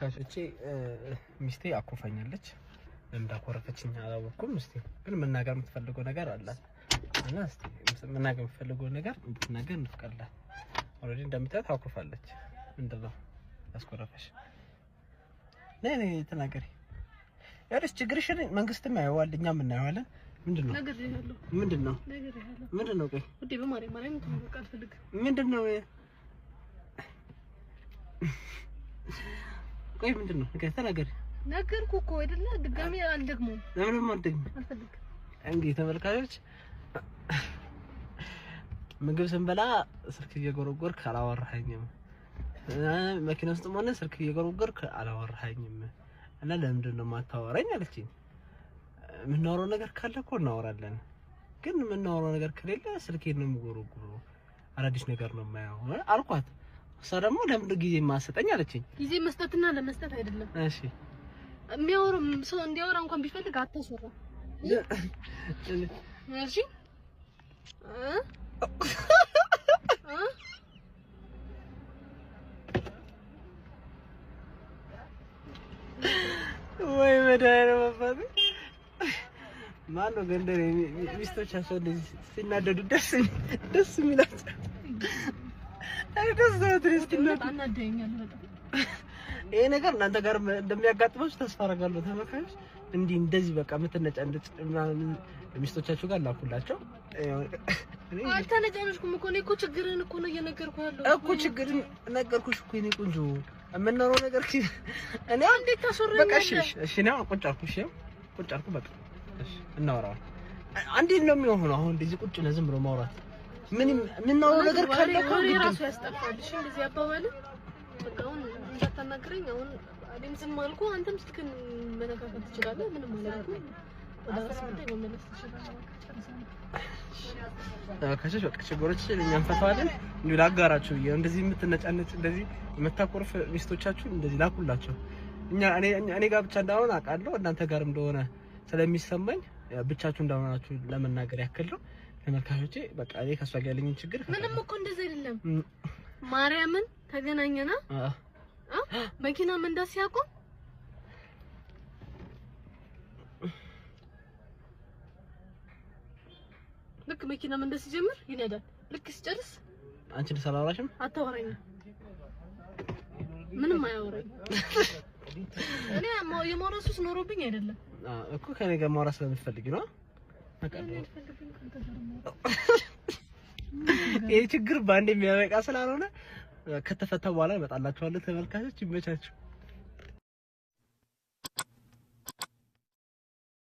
ተመልካች እቺ ሚስቴ አኮፋኛለች። እንዳኮረፈችኝ አላወቅኩም። እስቲ ግን መናገር የምትፈልገው ነገር አለ እና እስቲ መናገር የምትፈልገው ነገር እንድትናገር እንፍቀላል። ኦልሬዲ እንደምታዩት አኩርፋለች። ምንድን ነው ያስኮረፈሽ? ነይ ነይ ተናገሪ። ያለሽ ችግርሽን መንግስትም ያየዋል፣ እኛም እናየዋለን። ምንድን ነው ምንድን ነው ምንድን ነው ቆይ ውዴ፣ በማርያም ማርያም ምንድን ነው ቆይ ምንድን ነው ተናገር። ነገርኩህ እኮ አይደለ? ድጋሜ አልደግመውም። ለምንም አልደግመውም አልፈልግም። እንግዲህ ተመልካቾች ምግብ ስንበላ ስልክ እየጎረጎርክ አላወራኸኝም፣ መኪና ውስጥ ሆነ ስልክ እየጎረጎርክ አላወራኸኝም እና ለምንድን ነው የማታወራኝ አለችኝ። የምናወራው ነገር ካለ እኮ እናወራለን፣ ግን የምናወራው ነገር ከሌለ ስልኬን ነው የምጎረጉረው፣ አዳዲስ ነገር ነው የማየው አልኳት። እሷ ደግሞ ለምንድን ጊዜ ማሰጠኝ አለችኝ። ጊዜ መስጠትና ለመስጠት አይደለም። እሺ የሚያወራም ሰው እንዲያወራ እንኳን ቢፈልግ አታስወራ። እሺ ወይ መድኃኒዓለም አባቴ ማነው ገንደ ሚስቶቻቸው እንደዚህ ሲናደዱ ደስ ደስ የሚላቸው ይሄ ነገር እናንተ ጋር እንደሚያጋጥመው ተስፋ አደርጋለሁ። ተመካዮች እንዲህ እንደዚህ በቃ የምትነጫነጭ ሚስቶቻችሁ ጋር ላኩላቸው። አልተነጫነጭኩም እኮ እኔ እኮ ችግርን እኮ ነው እየነገርኩህ ያለው እኮ ችግርን ነገርኩሽ እኮ የእኔ ቆንጆ የምንኖረው ነገር እኔ እንዴት ታስወራኛለህ? በቃ እሺ፣ እሺ፣ ነው ቁጭ አልኩ። እሺ፣ ቁጭ አልኩ። በቃ እሺ፣ እናወራዋለን። እንዴት ነው የሚሆነው አሁን? እንደዚህ ቁጭ ነው ዝም ብሎ ማውራት ምን የምናወራው ነገር ካለ እኮ ግድ ራሱ ያስጠፋል። እንደዚህ አባባል በቃ አሁን እንዳታናግረኝ። አሁን እኔም ዝም አልኩ፣ አንተም ስልክን መነካከት ትችላለህ። ምንም ወደ ጉዳይ መመለስ በቃ እኛ እንፈታዋለን። እንዲሁ ላጋራችሁ ብዬ እንደዚህ የምትነጫነጭ እንደዚህ ሚስቶቻችሁ እንደዚህ ላኩላቸው። እኛ እኔ ጋር ብቻ እንዳልሆነ አውቃለሁ እናንተ ጋር እንደሆነ ስለሚሰማኝ ብቻችሁ እንዳልሆናችሁ ለመናገር ያክል ነው። ተመልካቾቼ በቃ እኔ ከእሷ ጋር ያለኝን ችግር ምንም እኮ እንደዚህ አይደለም። ማርያምን ተገናኘና መኪና መንዳት ሲያቆም ልክ መኪና መንዳት ሲጀምር ይነዳል። ልክ ሲጨርስ አንቺ ደስ አታወራኝም፣ ምንም አያወራኝም። እኔ የማውራት ኖሮብኝ አይደለም እኮ ከኔ ጋር ማውራት ስለምትፈልጊ ነው። ይህ ችግር በአንድ የሚያበቃ ስላልሆነ ከተፈታ በኋላ እመጣላችኋለሁ። ተመልካቾች ይመቻችሁ።